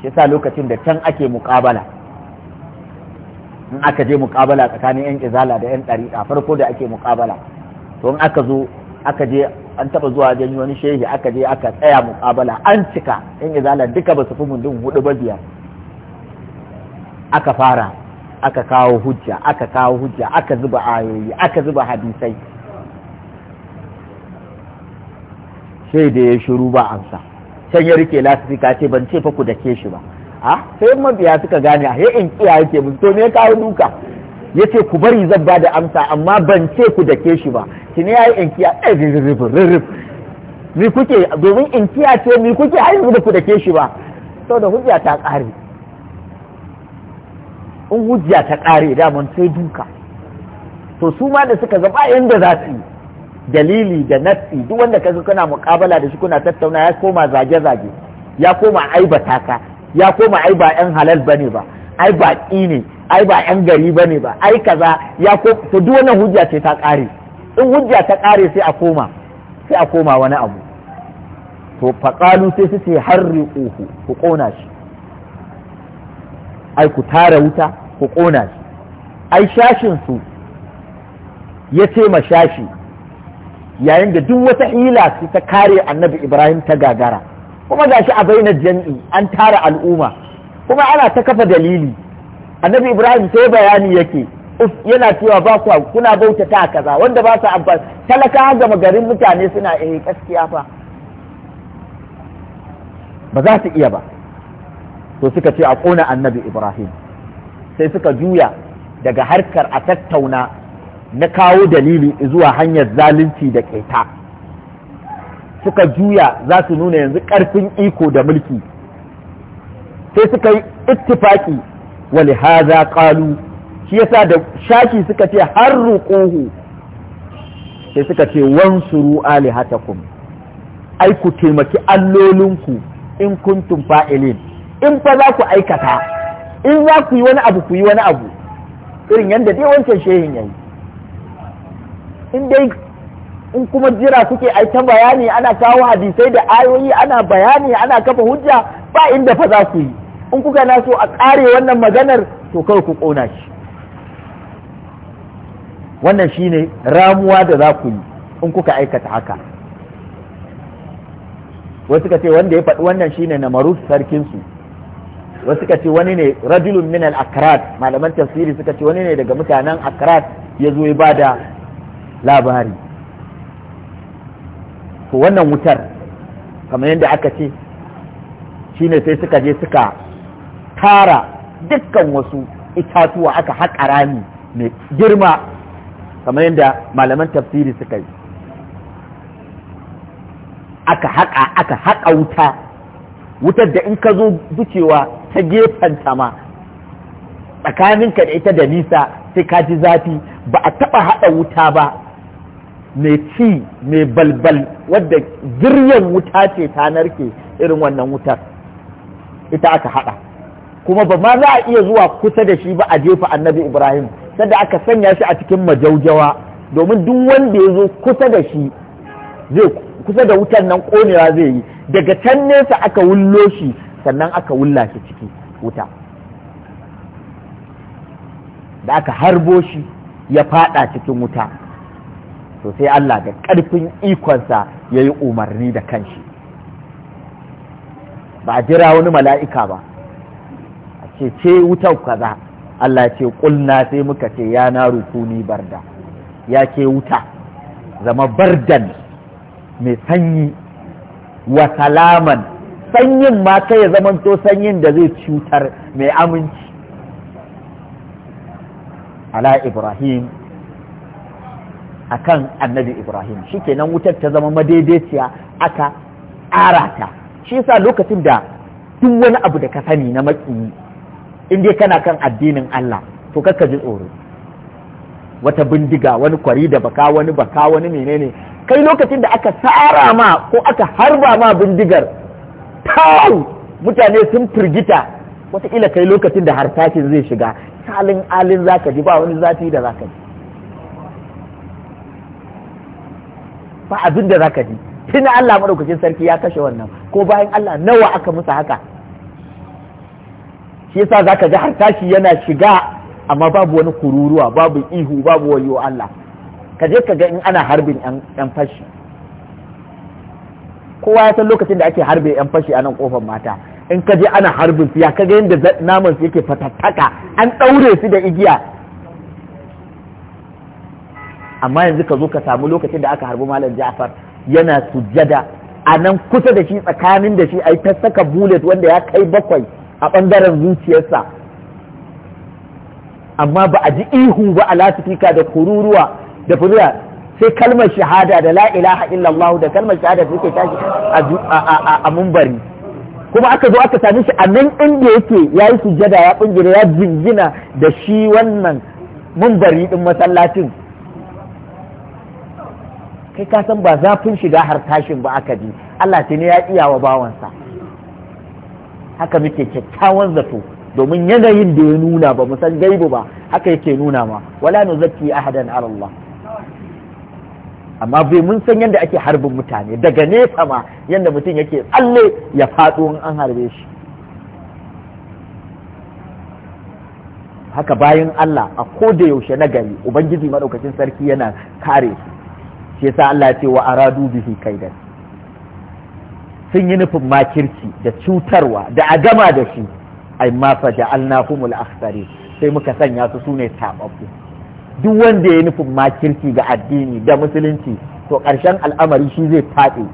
shi sa lokacin da can ake muƙabala in aka je muƙabala tsakanin yan izala da yan ɗariƙa farko da ake muƙabala to in aka zo aka je an taɓa zuwa wajen wani shehi aka je aka tsaya muƙabala an cika yan izala duka ba su fi mundun hudu ba biyar aka fara aka kawo hujja aka kawo hujja aka zuba ayoyi aka zuba hadisai sai da ya shiru ba amsa can ya rike lasifika ce ban ce fa ku dake shi ba ha sai mabiya suka gane he in kiya yake mu to me ya kawo duka yace ku bari zan ba da amsa amma ban ce ku dake shi ba ki ne yayi in kiya ni kuke domin in kiya ce ni kuke har yanzu ku dake shi ba to da hujja ta kare in hujja ta kare da mun sai duka to su ma da suka zaba yanda za su yi dalili da nafsi duk wanda kaga kana muƙabala da shi kuna tattauna ya koma zage-zage ya koma aibata ka ya koma ai ba yan halal bane ba ai baƙi ne ai ba yan gari bane ba ai kaza ya ko to duk wannan hujja ce ta ƙare in hujja ta ƙare sai a koma sai a koma wani abu to faƙalu sai su ce riƙo ku ƙona shi ai ku tara wuta ku ƙona shi ai shashin su ya ce ma shashi yayin da duk wata hila ta kare annabi ibrahim ta gagara kuma gashi a bainar jam'i an tara al'umma kuma ana ta kafa dalili annabi ibrahim sai bayani yake yana cewa ba ku kuna ta kaza wanda ba su amfani talaka gama garin mutane suna eh gaskiya fa ba za su iya ba to suka ce a kona annabi ibrahim sai suka juya daga harkar a tattauna na kawo dalili zuwa hanyar zalunci da keta suka juya za su nuna yanzu ƙarfin iko da mulki sai suka yi ittifaki wani haza ƙalu shi yasa da shaki suka ce har ruƙuhu sai suka ce wansuru alihatakum ai ku taimaki allolinku in kuntum fa'ilin in fa za ku aikata in za ku yi wani abu ku yi wani abu irin yadda dai wancan shehin yayi in dai in kuma jira kuke aikan bayani ana kawo hadisai da ayoyi ana bayani ana kafa hujja ba inda fa za ku yi in kuka na so a kare wannan maganar to kawai ku ƙona shi wannan shine ramuwa da za ku yi in kuka aikata haka wasu suka ce wanda ya faɗi wannan shine na maruf sarkinsu wasu suka ce wani ne rajulun minal akrat malaman tafsiri suka ce wani ne daga mutanen akrat ya zo ya da labari to wannan wutar kamar yadda aka ce shi ne sai suka je suka tara dukkan wasu itatuwa aka haƙa rami mai girma kamar yadda malaman tafsiri suka yi aka haƙa aka haƙa wuta wutar da in ka zo ducewa ta gefen tama, tsakaninka da ita da nisa sai ka ji zafi ba a taɓa haɗa wuta ba mai ci mai balbal wadda giryan wuta ce ta narke irin wannan wutar ita aka haɗa kuma ba ma za a iya zuwa kusa da shi ba a jefa annabi ibrahim sadda aka sanya shi a cikin majaujawa domin duk wanda ya zo kusa da shi zai kusa da wutan nan konewa zai yi daga can nesa aka wullo shi sannan aka wulla shi ciki wuta da aka harbo shi ya fada cikin wuta to sai Allah da ƙarfin ikonsa ya yi umarni da kanshi ba a jira wani mala'ika ba a ce ce wutar kaza Allah ce ƙulna sai muka ce ya na rukuni barda ya ke wuta zama bardan mai sanyi wa salaman sanyin ma kai ya zamanto sanyin da zai cutar mai aminci ala ibrahim akan annabi ibrahim shikenan wutar ta zama madaidaiciya aka ƙara ta shi yasa lokacin da duk wani abu da ka sani na maƙiyi in dai kana kan addinin Allah to kakka ji tsoro wata bindiga wani kwari da baka wani baka wani menene kai lokacin da aka tsara ma ko aka harba ma bindigar tau mutane sun firgita wata wataƙila kai lokacin da harsashin zai shiga salin alin zaka ji ba wani zafi da zaka ji ba abin da zaka ji tuna Allah madaukakin sarki ya kashe wannan ko bayan Allah nawa aka musu haka shi yasa zaka ji har tashi yana shiga amma babu wani kururuwa babu ihu babu wayo Allah ka je ka ga in ana harbin yan fashi kowa ya san lokacin da ake harbe yan fashi a nan kofar mata in ka je ana harbin su ya kaga yadda naman su yake fatattaka an ɗaure su da igiya amma yanzu ka zo ka samu lokacin da aka harbi malam Ja'far yana sujjada a nan kusa da shi tsakanin da shi ai ta saka bullet wanda ya kai bakwai a bangaren zuciyarsa amma ba a ji ihu ba a lasifika da kururuwa da furiya sai kalmar shahada da la ilaha illallah da kalmar shahada da yake tashi a mumbari kuma aka zo aka sami shi a nan inda yake ya yi sujada ya kungire ya jingina da shi wannan mumbari din masallacin kai ka san ba zafin shiga har tashin ba aka bi. Allah sai ne ya iya wa bawansa haka muke kyakkyawan zato domin yanayin da ya nuna ba mu san gaibu ba haka yake nuna ma wala nuzakki ahadan ala Allah amma bai mun san yadda ake harbin mutane daga nesa ma yadda mutum yake tsalle ya faɗo in an harbe shi haka bayan Allah a ko da yaushe na gari ubangiji maɗaukacin sarki yana kare su shi yasa Allah ce wa aradu bihi kaidan sun yi nufin makirci da cutarwa da agama da shi ai ma fa ja'alnahumul akhsari sai muka sanya su sune tababbu duk wanda ya nufin makirci ga addini da musulunci to ƙarshen al'amari shi zai taɓe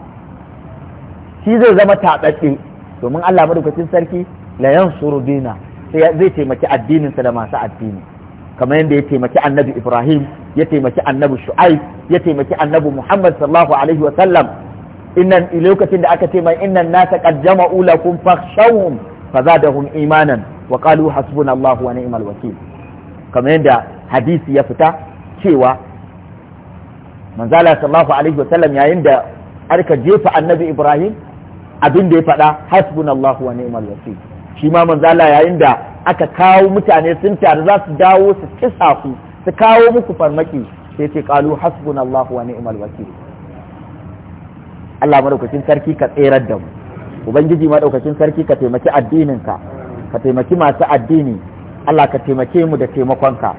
shi zai zama taɓaɓɓe domin Allah madaukakin sarki la yansuru dina sai zai taimaki addininsa da masu addini kamar yadda ya taimaki annabi Ibrahim ya taimaki annabi shu'aib ya taimaki annabi muhammad sallallahu alaihi wa sallam innan lokacin da aka ce mai innan nasa qad jama'u lakum fakhshawhum fazadahum imanan wa qalu hasbunallahu wa ni'mal wakil kamar yadda hadisi ya fita cewa manzala sallallahu alaihi wa sallam yayin da aka jefa annabi ibrahim abin da ya faɗa hasbunallahu wa ni'mal wakil shi ma manzala yayin da aka kawo mutane sun taru za su dawo su kisa su su kawo muku farmaki sai ce hasbun Allah wa ni'mal wakil Allah madaukakin sarki ka tserar da mu ubangiji maɗaukacin sarki ka taimaki addininka ka taimaki masu addini Allah ka taimake mu da taimakonka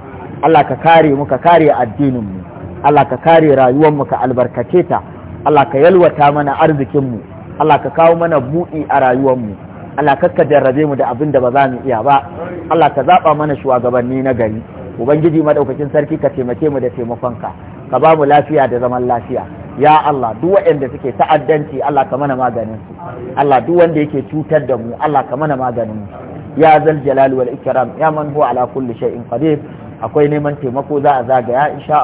Allah ka kare mu ka kare addininmu. mu Allah ka kare rayuwar ka albarkace ta Allah ka yalwata mana arzikinmu. mu Allah ka kawo mana buɗi a rayuwar mu Allah ka jarrabe mu da abin da ba za mu iya ba Allah ka zaɓa mana shugabanni na gari ubangiji madaukakin sarki ka taimake mu da taimakonka ka ba mu lafiya da zaman lafiya ya Allah duk waɗanda suke ta'addanci Allah ka mana maganin su Allah duk wanda yake cutar da mu Allah ka mana maganin mu ya zal jalali wal ikram ya man huwa ala kulli shay'in qadir akwai neman taimako za a zagaya insha